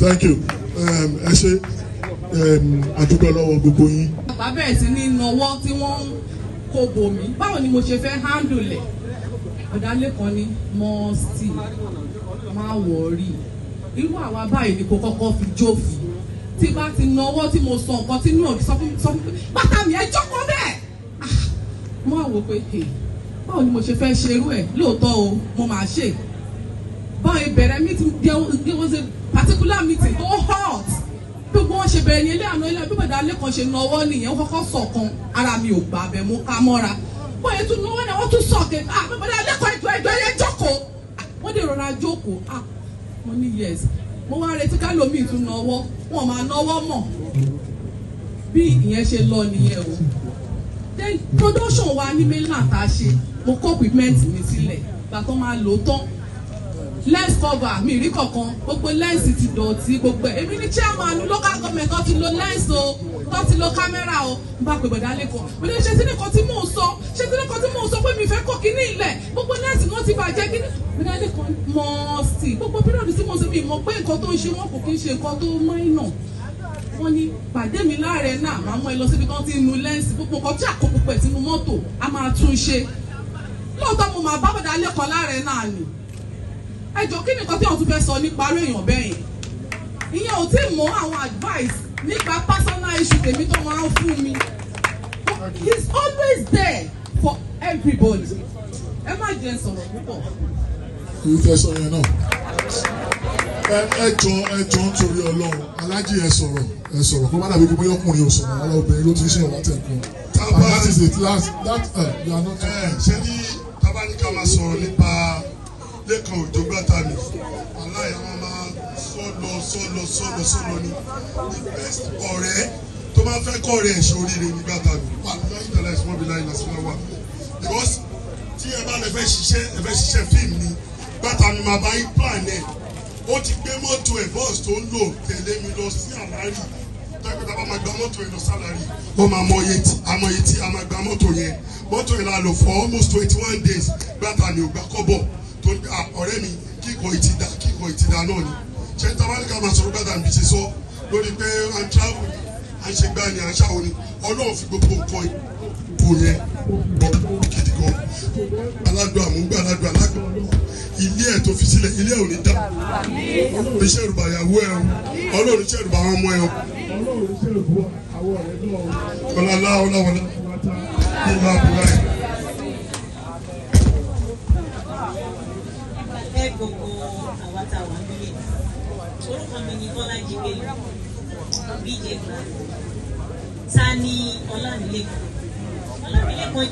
thank you um, ẹ ṣe àdúgbò um, lọ́wọ́ gbogbo yín. bàbá bẹ̀rẹ̀ sí ní nawọ́ tí wọ́n ń kó bomi báwo ni mo ṣe fẹ́ handle ẹ̀ ọ̀dàlẹ̀ kan ní mọ́ọ̀sì má wọ̀ọ́rì irú àwa báyìí ni kò kọ́kọ́ fi jófin tí bá ti nawọ́ tí mo sọ nǹkan tí náà sọ fún sọ fún bàtà mi ẹ jókòó bẹ́ẹ̀ ah, mo àwò pé báwo ni mo ṣe fẹ́ ṣerú ẹ̀ lóòótọ́ o mo máa ṣe báwo ìbẹ̀rẹ̀ mi ti there was a particular meeting tó hot bí wọ́n ṣe bẹ̀rẹ̀ ní ilé àná ilé bíbọ̀ dá lẹ́kọ̀ọ́ ṣe na ọwọ́ nìyẹn wọ́n kọ́kọ́ sọ̀kan ara mi ò gbà bẹ̀ mo ká mọ́ra wọ́n yẹn tún lọ́wọ́ náà wọ́n tún sọ̀kẹ́ ah bíbọ̀ dá lẹ́kọ̀ọ́ ìjọ ìjọ yẹn jókòó wọ́n dẹ̀ rọra jókòó ah mo ní yes mo wá retí ká lómi ìtún na ọwọ́ wọn máa na ọwọ́ mọ̀ bí ìyẹn ṣe lọ nìyẹn o then production wa ní mainland tá a ṣe mo kọ́ equipment mi sílẹ̀ gbàtọ́ máa lò ó tán lens cover mi rí kankan gbogbo lens ti dọ̀tí gbogbo ẹ̀ èmi ní chairman local government kan ti lo lens o kan ti lo camera o n bá pè bọ̀dá lẹ́kọ̀ọ́ mo ní ṣe tí nìkan tí mò ń sọ ṣe tí nìkan tí mò ń sọ pé mi fẹ́ kọ̀ kí ní ilẹ̀ gbogbo lens ni wọ́n ti bàjẹ́ kí ní bọ̀dá lẹ́kọ̀ọ́ mọ̀ ọ́ sí gbogbo pírọ̀dù tí mo sọ mi mọ̀ pé nǹkan tó ń ṣe wọn kò kí ń ṣe nǹkan tó máìnà wọ́n ní pàdé mi láàrẹ náà màá mọ ẹ lọ síbi kan tí ń nu lẹ́ǹsì púpọ̀ kan tí àkókò pẹ̀ sínú mọ́tò a máa tún ṣe lóòótọ́ mo máa bá bọ̀dá lẹ́kọ̀ọ́ láàrẹ náà nì ẹ jọ kí nìkan tí wọ́n tún fẹ́ sọ nípa aró èèyàn bẹ́ẹ̀ yẹn ìyẹn ò tí ì mọ àwọn advice nípa personal issue tèmi tó máa ń fún mi he is always there for everybody ẹ má jẹ sọ̀rọ̀ púpọ̀. irú fẹ́ sọ yẹn náà ẹ jọ ẹ jọ nítorí Ọlọ́run alájí ẹ sọ̀rọ̀ ẹ sọ̀rọ̀ kó má dàbí kó bóyá ọkùnrin ò sọ̀rọ̀ ọlọ obìnrin ló ti ń ṣe ìwà tẹkùn and that is it last that uh, you are not. ẹ ṣe ní tabaníkà máa sọ̀rọ̀ nípa lẹ́kan òjò gbàtà mi aláìyá wọn máa sọ́lọ sọ́lọ sọ́lọ sọ́lọ ni the best ọ̀rẹ́ tó máa fẹ́ kọ́ ọ̀rẹ́ ẹ̀ṣọ́ oríire ní gbàtà mi aláìyá ìtàlá ìṣúná bí láyé lásìkò wà because tí ẹ bá lè fẹ́ ṣiṣẹ́ ẹ fẹ́ ṣiṣẹ́ fíìmù ni gbàtà mi máa bá yí plan ẹ̀ ó ti gbé mọ́tò ẹ̀ bọ́ọ̀sì tó ń lò tẹ̀lé mi lọ sí àlárí tẹ́gbẹ́ta bá máa gba mọ́tò yẹn lọ sálárì ó máa mọ iye tí a mọ iye tí a máa gba mọ́tò yẹn mọ́tò yẹn la lò for almost twenty one days gbàtà mi ò gbà kọ́ bọ̀ ọ̀rẹ́ mi kíkọ ìtìdá kíkọ ìtìdá náà ni ṣé tabalika máa sọ̀rọ̀ gbàdá nbí ṣe sọ lórí pé à ń travel à ń ṣe gbá ni à ń ṣàwọn ni ọlọ́run fi gbogbo nǹkan bò yẹn bọ̀ gidi gan aládùn àmúgbà aládùn alágbà ilé ẹ̀ tó fi sílẹ̀ ilé ẹ̀ ò ní dá ọlọ́run iṣẹ́ ìrùbà ìyàwó ẹ̀ o ọlọ́run iṣẹ́ ìrùbà àwọn ọmọ ẹ̀ o. ọlọ́run iṣẹ́ ìrùbà àwọn ọ̀rẹ́ gbogbo àwa tá a wà nílé orúkọ mi ni Bọ́lájí Bello BJ Black ta ni Ọlámilékan Ọlámilékan.